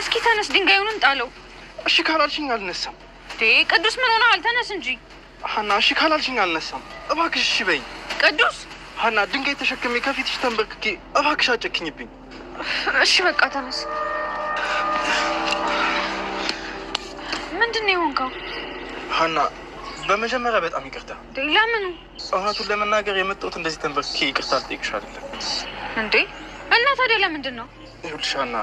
እስኪ ተነስ፣ ድንጋዩንም ጣለው። እሺ ካላልሽኝ አልነሳም። ቅዱስ ምን ሆነሃል? ተነስ እንጂ ሀና። እሺ ካላልሽኝ አልነሳም። እባክሽ እሺ በይኝ። ቅዱስ ሀና፣ ድንጋይ ተሸክሜ ከፊትሽ ተንበርክኬ እባክሽ አጨክኝብኝ። እሺ በቃ ተነስ። ምንድን ነው የሆንከው? ሀና፣ በመጀመሪያ በጣም ይቅርታ። ለምኑ? እውነቱን ለመናገር የመጣሁት እንደዚህ ተንበርክኬ ይቅርታ አልጠይቅሽ አይደለም እንዴ። እና ታዲያ ለምንድን ነው? ይኸውልሽ ሀና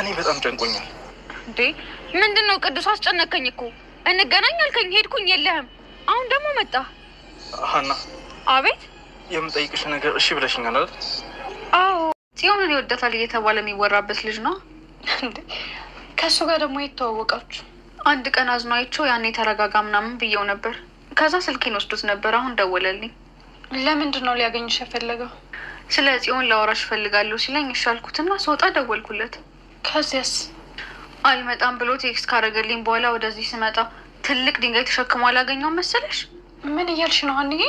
እኔ በጣም ጨንቆኛል። እንዴ ምንድን ነው ቅዱስ? አስጨነቀኝ እኮ እንገናኝ አልከኝ ሄድኩኝ፣ የለህም። አሁን ደግሞ መጣ። ሀና። አቤት። የምጠይቅሽ ነገር እሺ ብለሽኛል አይደል? አዎ። ጽዮንን ይወዳታል እየተባለ የሚወራበት ልጅ ነው። ከእሱ ጋር ደግሞ የተዋወቃችሁ? አንድ ቀን አዝኖ አይቼው ያኔ ተረጋጋ ምናምን ብየው ነበር። ከዛ ስልኬን ወስዶት ነበር። አሁን ደወለልኝ። ለምንድን ነው ሊያገኝሽ የፈለገው? ስለ ጽዮን ላወራሽ እፈልጋለሁ ሲለኝ እሺ አልኩትና ስወጣ ደወልኩለት። ከዚያስ አይመጣም ብሎ ቴክስት ካደረገልኝ በኋላ ወደዚህ ስመጣ ትልቅ ድንጋይ ተሸክሞ አላገኘውም መሰለሽ። ምን እያልሽ ነው አንዬ?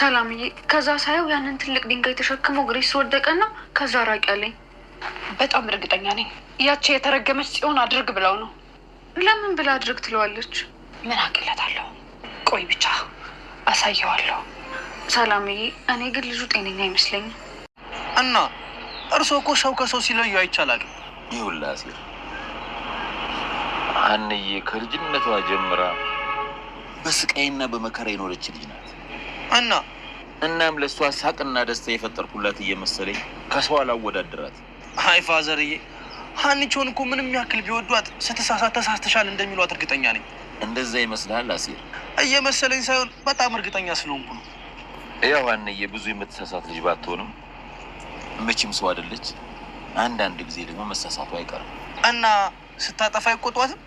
ሰላምዬ፣ ከዛ ሳየው ያንን ትልቅ ድንጋይ ተሸክሞ ግሬስ ወደቀና ከዛ ራቅ ያለኝ። በጣም እርግጠኛ ነኝ ያቺ የተረገመች ጽዮን አድርግ ብለው ነው። ለምን ብላ አድርግ ትለዋለች? ምን አቅለታለሁ? ቆይ ብቻ አሳየዋለሁ። ሰላምዬ፣ እኔ ግን ልጁ ጤነኛ አይመስለኝም እና እርስዎ እኮ ሰው ከሰው ሲለዩ አይቻላልም ይሁላ ሲል አንዬ ከልጅነቷ ጀምራ በስቃይና በመከራ የኖረች ልጅ ናት እና እናም ለእሷ ሳቅና ደስታ የፈጠርኩላት እየመሰለኝ ከሰው አላወዳድራት። አይ ፋዘርዬ፣ ሀኒቾን እኮ ምንም ያክል ቢወዷት ስትሳሳት ተሳስተሻል እንደሚሏት እርግጠኛ ነኝ። እንደዛ ይመስልሃል አሴር? እየመሰለኝ ሳይሆን በጣም እርግጠኛ ስለሆንኩ ነው። ያው ሀንዬ ብዙ የምትሳሳት ልጅ ባትሆንም መቼም ሰው አይደለች። አንዳንድ ጊዜ ደግሞ መሳሳቱ አይቀርም። እና ስታጠፋ አይቆጧትም?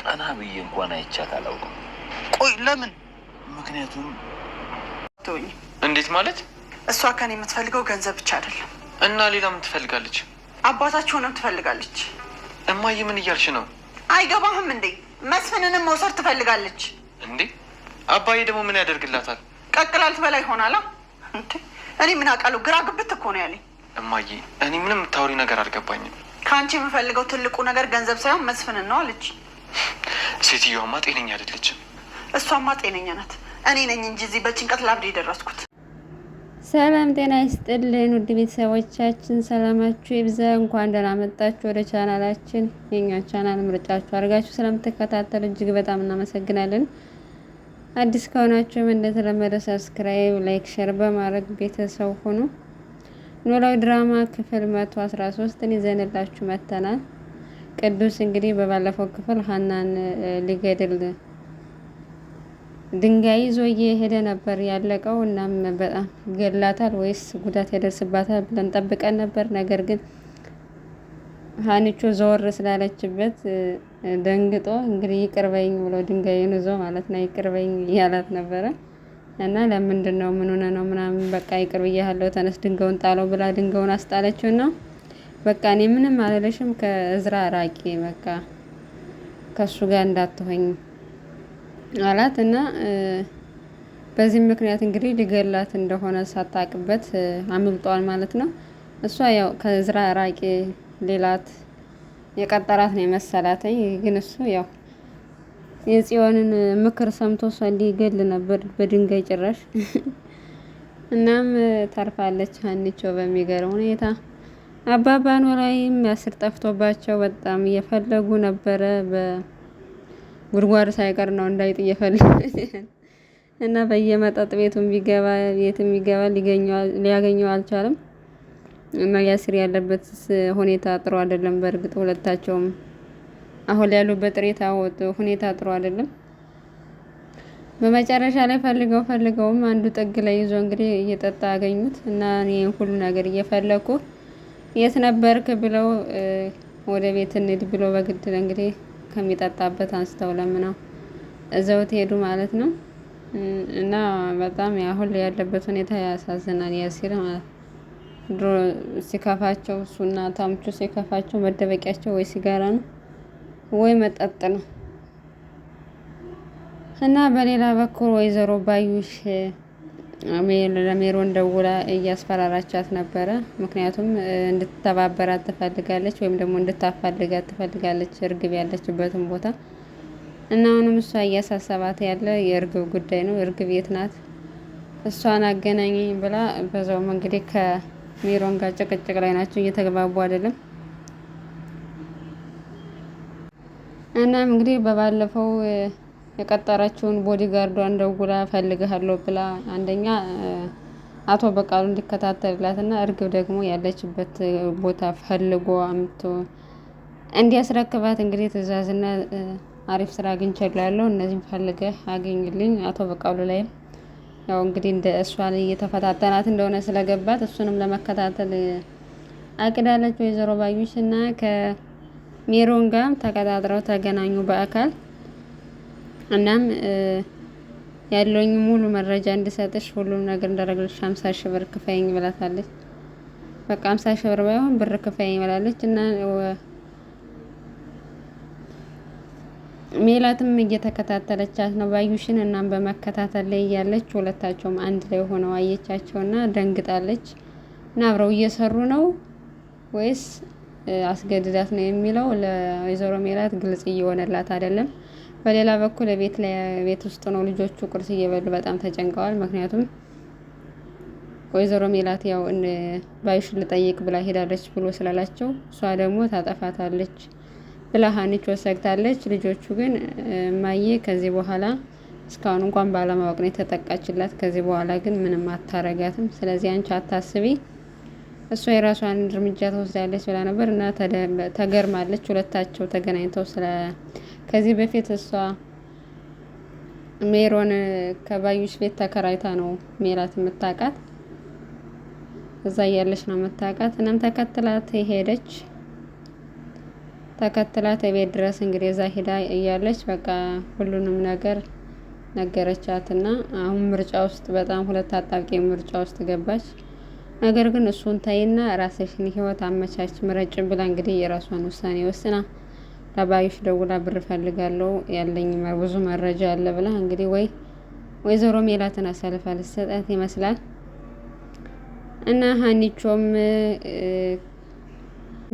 ቀና ብዬ እንኳን አይቻት አላውቅም። ቆይ ለምን? ምክንያቱም እንዴት ማለት? እሷ ከኔ የምትፈልገው ገንዘብ ብቻ አይደለም። እና ሌላ ምን ትፈልጋለች? አባታችሁንም ትፈልጋለች። እማዬ ምን እያልሽ ነው? አይገባህም እንዴ? መስፍንንም መውሰድ ትፈልጋለች። እንዴ አባዬ ደግሞ ምን ያደርግላታል? ቀቅላልት በላይ ይሆናላ። እኔ ምን አውቃለሁ? ግራ ግብት እኮ ነው ያለኝ። እማዬ፣ እኔ ምንም የምታወሪ ነገር አልገባኝም። ከአንቺ የምፈልገው ትልቁ ነገር ገንዘብ ሳይሆን መስፍንን ነው አለች። ሴትዮዋማ ጤነኛ አይደለችም። እሷማ ጤነኛ ናት። እኔ ነኝ እንጂ እዚህ በጭንቀት ላብድ የደረስኩት። ሰላም ጤና ይስጥልን ውድ ቤተሰቦቻችን፣ ሰላማችሁ ይብዛ። እንኳን ደህና መጣችሁ ወደ ቻናላችን። የኛ ቻናል ምርጫችሁ አድርጋችሁ ስለምትከታተሉ እጅግ በጣም እናመሰግናለን። አዲስ ከሆናችሁም እንደተለመደ ሰብስክራይብ፣ ላይክ፣ ሸር በማድረግ ቤተሰብ ሁኑ። ኖላዊ ድራማ ክፍል መቶ አስራ ሶስትን ይዘንላችሁ መተናል። ቅዱስ እንግዲህ በባለፈው ክፍል ሀናን ሊገድል ድንጋይ ይዞ እየሄደ ነበር ያለቀው። እናም በጣም ገላታል ወይስ ጉዳት ያደርስባታል ብለን ጠብቀን ነበር። ነገር ግን ሀኒቾ ዘወር ስላለችበት ደንግጦ እንግዲህ ይቅርበኝ ብሎ ድንጋይን ይዞ ማለት ነው ይቅርበኝ እያላት ነበረ። እና ለምንድን ነው ምን ሆነ ነው ምናምን በቃ ይቅር ብያለሁ፣ ተነስ ድንጋዩን ጣለው ብላ ድንገውን አስጣለችው። ነው በቃ እኔ ምንም አልልሽም፣ ከእዝራ ራቂ፣ በቃ ከሱ ጋር እንዳትሆኝ አላት እና በዚህ ምክንያት እንግዲህ ሊገላት እንደሆነ ሳታቅበት አምልጧል ማለት ነው። እሷ ያው ከእዝራ ራቂ ሌላት የቀጠራት ነው የመሰላተኝ ግን እሱ ያው የጽዮንን ምክር ሰምቶ እሷ ሊገል ነበር በድንጋይ ጭራሽ። እናም ታርፋለች ሀኒቾ በሚገርም ሁኔታ። አባባ ኖላዊም ያስር ጠፍቶባቸው በጣም እየፈለጉ ነበረ። በጉድጓድ ሳይቀር ነው እንዳይጥ እየፈለጉ እና በየመጠጥ ቤቱም ቢገባ ቤትም ቢገባ ሊያገኘው አልቻለም። እና ያስር ያለበት ሁኔታ ጥሩ አይደለም። በእርግጥ ሁለታቸውም አሁን ያሉበት ጥሬታ ሁኔታ ጥሩ አይደለም። በመጨረሻ ላይ ፈልገው ፈልገውም አንዱ ጥግ ላይ ይዞ እንግዲህ እየጠጣ አገኙት እና እኔ ሁሉ ነገር እየፈለኩ የት ነበርክ ብለው ወደ ቤት እንሂድ ብሎ በግድ እንግዲህ ከሚጠጣበት አንስተው ለምነው እዘውት ሄዱ ማለት ነው። እና በጣም አሁን ላይ ያለበት ሁኔታ ያሳዝናል። ያሲር ድሮ ሲከፋቸው እሱና ታምቹ ሲከፋቸው መደበቂያቸው ወይ ሲጋራ ነው ወይ መጠጥ ነው እና በሌላ በኩል ወይዘሮ ባዩሽ ለሜሮን ደውላ እያስፈራራቻት ነበረ። ምክንያቱም እንድትተባበራት ትፈልጋለች ወይም ደግሞ እንድታፋልጋት ትፈልጋለች እርግብ ያለችበትን ቦታ እና አሁንም እሷ እያሳሰባት ያለ የእርግብ ጉዳይ ነው። እርግብ የት ናት? እሷን አገናኘኝ ብላ በዛውም እንግዲህ ከሜሮን ጋር ጭቅጭቅ ላይ ናቸው፣ እየተግባቡ አይደለም። እናም እንግዲህ በባለፈው የቀጠረችውን ቦዲጋርዷን ደውላ ፈልግሃለሁ ብላ አንደኛ አቶ በቃሉ እንዲከታተልላት እንዲከታተልላትና እርግብ ደግሞ ያለችበት ቦታ ፈልጎ አምቶ እንዲያስረክባት እንግዲህ ትዕዛዝና አሪፍ ስራ አግኝቼላለሁ፣ እነዚህም ፈልገህ አገኝልኝ። አቶ በቃሉ ላይም ያው እንግዲህ እንደ እሷን እየተፈታተናት እንደሆነ ስለገባት እሱንም ለመከታተል አቅዳለች ወይዘሮ ባዩሽ እና ከ ሜሮን ጋም ተቀጣጥረው ተገናኙ በአካል እናም ያለኝ ሙሉ መረጃ እንድሰጥሽ ሁሉም ነገር እንዳደረግልሽ ሀምሳ ሺህ ብር ክፈይኝ ብላታለች። በቃ ሀምሳ ሺህ ብር ባይሆን ብር ክፈይኝ ብላለች። እና ሜላትም እየተከታተለቻት ነው ባዩሽን። እናም በመከታተል ላይ እያለች ሁለታቸውም አንድ ላይ ሆነው አየቻቸውና ደንግጣለች። እና አብረው እየሰሩ ነው ወይስ አስገድዳት ነው የሚለው ለወይዘሮ ሜላት ግልጽ እየሆነላት አይደለም። በሌላ በኩል ቤት ቤት ውስጥ ነው ልጆቹ ቁርስ እየበሉ በጣም ተጨንቀዋል። ምክንያቱም ወይዘሮ ሜላት ያው ባይሽ ልጠይቅ ብላ ሄዳለች ብሎ ስላላቸው እሷ ደግሞ ታጠፋታለች ብላ ሀኒች ወሰግታለች። ልጆቹ ግን ማየ ከዚህ በኋላ እስካሁን እንኳን ባለማወቅ ነው የተጠቃችላት። ከዚህ በኋላ ግን ምንም አታረጋትም። ስለዚህ አንቺ አታስቢ እሷ የራሷን እርምጃ ተወስዳለች ብላ ነበር እና ተገርማለች። ሁለታቸው ተገናኝተው ስለ ከዚህ በፊት እሷ ሜሮን ከባዩሽ ቤት ተከራይታ ነው ሜላት የምታውቃት እዛ እያለች ነው የምታውቃት። እናም ተከትላት ሄደች። ተከትላት ቤት ድረስ እንግዲህ እዛ ሂዳ እያለች በቃ ሁሉንም ነገር ነገረቻት እና አሁን ምርጫ ውስጥ በጣም ሁለት አጣብቂ ምርጫ ውስጥ ገባች። ነገር ግን እሱን ታይና ራስሽን ህይወት አመቻች ምረጭ ብላ እንግዲህ የራሷን ውሳኔ ወስና ለአባዮሽ ደውላ ብር ፈልጋለሁ ያለኝ ብዙ መረጃ አለ ብላ እንግዲህ ወይ ወይዘሮ ሜላትን አሳልፋ ልሰጣት ይመስላል እና ሀኒቾም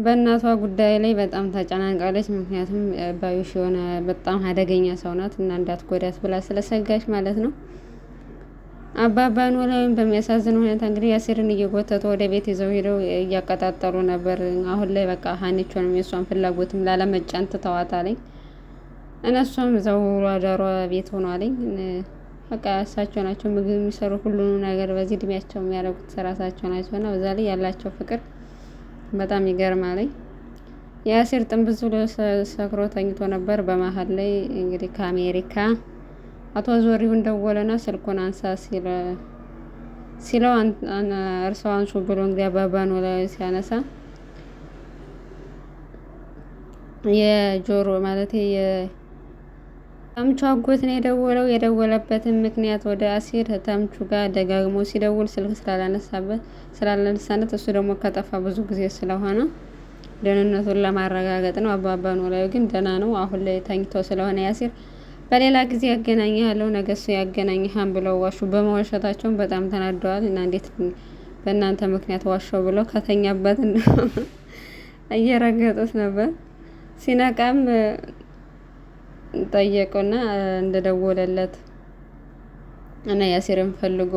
በእናቷ ጉዳይ ላይ በጣም ታጨናንቃለች። ምክንያቱም ባዩሽ የሆነ በጣም አደገኛ ሰው ናት እና እንዳትጎዳት ብላ ስለሰጋች ማለት ነው። አባባ ኖላዊን በሚያሳዝን ሁኔታ እንግዲህ ያሲርን እየጎተቱ ወደ ቤት ይዘው ሄደው እያቀጣጠሉ ነበር። አሁን ላይ በቃ ሀኒቾንም የእሷን ፍላጎትም ላለመጫን ትተዋታለኝ። እነሷም እዛው ውሎ አዳሯ ቤት ሆኗለኝ። በቃ እሳቸው ናቸው ምግብ የሚሰሩ ሁሉንም ነገር በዚህ እድሜያቸው የሚያደርጉት ራሳቸው ናቸው። እና በዛ ላይ ያላቸው ፍቅር በጣም ይገርማለኝ። የአሲር ጥንብዝ ሰክሮ ተኝቶ ነበር። በመሀል ላይ እንግዲህ ከአሜሪካ አቶ ዘሪሁን ደወለና ስልኩን አንሳ ሲለው እርሰው አንሱ ብሎ እንግዲህ አባባ ኖላዊ ሲያነሳ የጆሮ ማለት ተምቹ አጎት ነው የደወለው። የደወለበትን ምክንያት ወደ አሲር ተምቹ ጋር ደጋግሞ ሲደውል ስልክ ስላላነሳበት ስላላነሳነት እሱ ደግሞ ከጠፋ ብዙ ጊዜ ስለሆነ ደህንነቱን ለማረጋገጥ ነው። አባባ ኖላዊ ግን ደህና ነው። አሁን ላይ ተኝቶ ስለሆነ ያሲር በሌላ ጊዜ ያገናኝሃለሁ ነገ እሱ ያገናኝሃን ብለው ዋሹ። በመዋሸታቸውን በጣም ተናደዋል እና እንዴት በእናንተ ምክንያት ዋሻው ብለው ከተኛበት እየረገጡት ነበር። ሲነቃም ጠየቁና እንደደወለለት እና ያሲርን ፈልጎ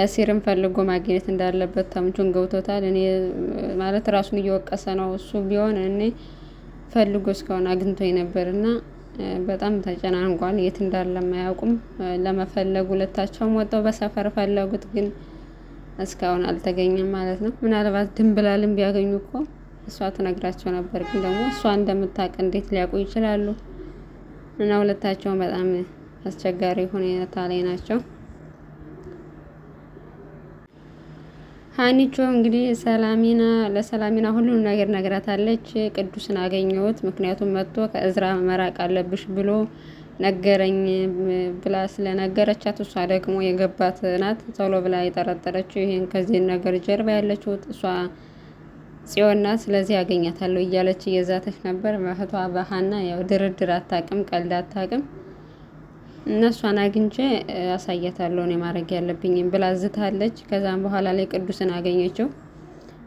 ያሲርን ፈልጎ ማግኘት እንዳለበት ተምቹን ገብቶታል። እኔ ማለት ራሱን እየወቀሰ ነው። እሱ ቢሆን እኔ ፈልጎ እስካሁን አግኝቶ ነበር እና በጣም ተጨናንቋል። የት እንዳለም አያውቁም። ለመፈለግ ሁለታቸውም ወጥተው በሰፈር ፈለጉት፣ ግን እስካሁን አልተገኘም ማለት ነው። ምናልባት ድንብላልን ቢያገኙ እኮ እሷ ትነግራቸው ነበር፣ ግን ደግሞ እሷ እንደምታውቅ እንዴት ሊያውቁ ይችላሉ? እና ሁለታቸውም በጣም አስቸጋሪ ሁኔታ ላይ ናቸው። ሀኒቾ እንግዲህ ሰላሚና ለሰላሚና ሁሉን ነገር ነግራታለች። ቅዱስን አገኘሁት ምክንያቱም መጥቶ ከእዝራ መራቅ አለብሽ ብሎ ነገረኝ ብላ ስለነገረቻት እሷ ደግሞ የገባት ናት ቶሎ ብላ የጠረጠረችው ይህን ከዚህ ነገር ጀርባ ያለችው እሷ ጽዮና፣ ስለዚህ ያገኛታለሁ እያለች እየዛተች ነበር። እህቷ በሀና ያው ድርድር አታቅም፣ ቀልድ አታቅም። እነሷን አግኝቼ አሳያታለሁ እኔ ማድረግ ያለብኝም ብላ ዝታለች። ከዛም በኋላ ላይ ቅዱስን አገኘችው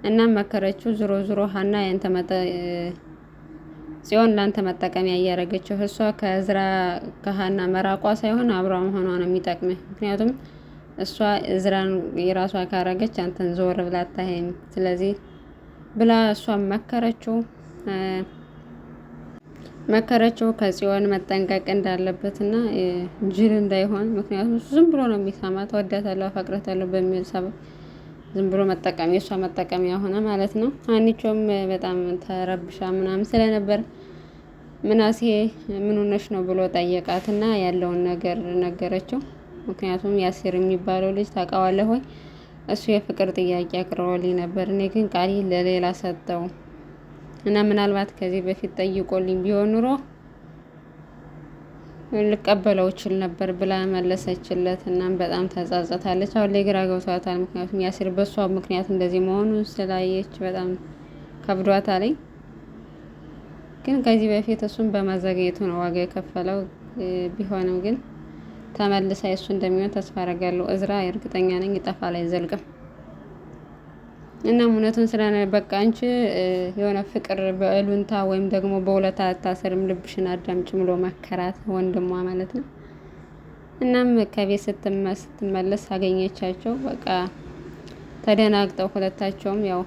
እና መከረችው። ዝሮ ዝሮ ሀና ጽዮን ለአንተ መጠቀሚያ እያደረገችው እሷ ከእዝራ ከሀና መራቋ ሳይሆን አብሯ መሆኗ ነው የሚጠቅም። ምክንያቱም እሷ እዝራን የራሷ ካረገች አንተን ዞር ብላ አታይም። ስለዚህ ብላ እሷ መከረችው። መከረችው ከጽዮን መጠንቀቅ እንዳለበትና ጅል እንዳይሆን። ምክንያቱም ዝም ብሎ ነው የሚሳማት ወዳታለሁ፣ አፈቅረታለሁ በሚል ሰበብ ዝም ብሎ መጠቀም የእሷ መጠቀሚያ ሆነ ማለት ነው። አንቺውም በጣም ተረብሻ ምናምን ስለነበር ምናሴ ምን ሆነሽ ነው ብሎ ጠየቃትና ያለውን ነገር ነገረችው። ምክንያቱም ያሲር የሚባለው ልጅ ታውቃዋለህ ወይ? እሱ የፍቅር ጥያቄ አቅርቦልኝ ነበር፣ እኔ ግን ቃሌ ለሌላ ሰጠው እና ምናልባት ከዚህ በፊት ጠይቆልኝ ቢሆን ኑሮ ልቀበለው እችል ነበር ብላ መለሰችለት። እናም በጣም ተጻጸታለች። አሁን ላይ ግራ ገብቷታል። ምክንያቱም ያሲር በሷ ምክንያት እንደዚህ መሆኑን ስላየች በጣም ከብዷታለኝ። ግን ከዚህ በፊት እሱን በማዘግየቱ ነው ዋጋ የከፈለው። ቢሆንም ግን ተመልሳ እሱ እንደሚሆን ተስፋ አደርጋለሁ። እዝራ እርግጠኛ ነኝ ይጠፋል፣ አይዘልቅም። እና እውነቱን ስለነ በቃ አንቺ የሆነ ፍቅር በእሉንታ ወይም ደግሞ በሁለት አታሰርም፣ ልብሽን አዳምጭ ብሎ መከራት ወንድሟ ማለት ነው። እናም ከቤት ስትመለስ አገኘቻቸው። በቃ ተደናግጠው ሁለታቸውም ያው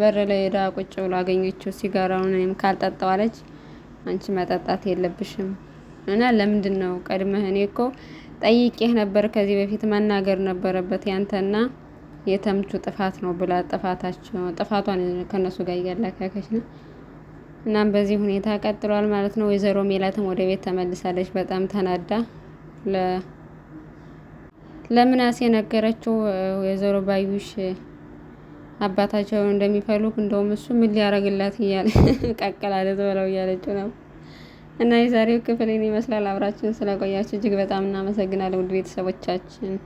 በር ላይ ሄዳ ቁጭ ብሎ አገኘችው። ሲጋራውን እኔም ካልጠጣው አለች። አንቺ መጠጣት የለብሽም እና ለምንድን ነው ቀድመህ? እኔ እኮ ጠይቄህ ነበር ከዚህ በፊት መናገር ነበረበት ያንተና የተምቹ ጥፋት ነው ብላ ጥፋታቸው ጥፋቷን ከነሱ ጋር እያላካከች ነው። እናም በዚህ ሁኔታ ቀጥሏል ማለት ነው። ወይዘሮ ሜላትም ወደ ቤት ተመልሳለች በጣም ተናዳ ለምናሴ የነገረችው ወይዘሮ ባዩሽ አባታቸውን እንደሚፈልጉ እንደውም እሱ ምን ሊያደርግላት እያለ ቀቀላለት ብለው እያለችው ነው። እና የዛሬው ክፍል ይመስላል። አብራችን ስለቆያችሁ እጅግ በጣም እናመሰግናለን ውድ ቤተሰቦቻችን።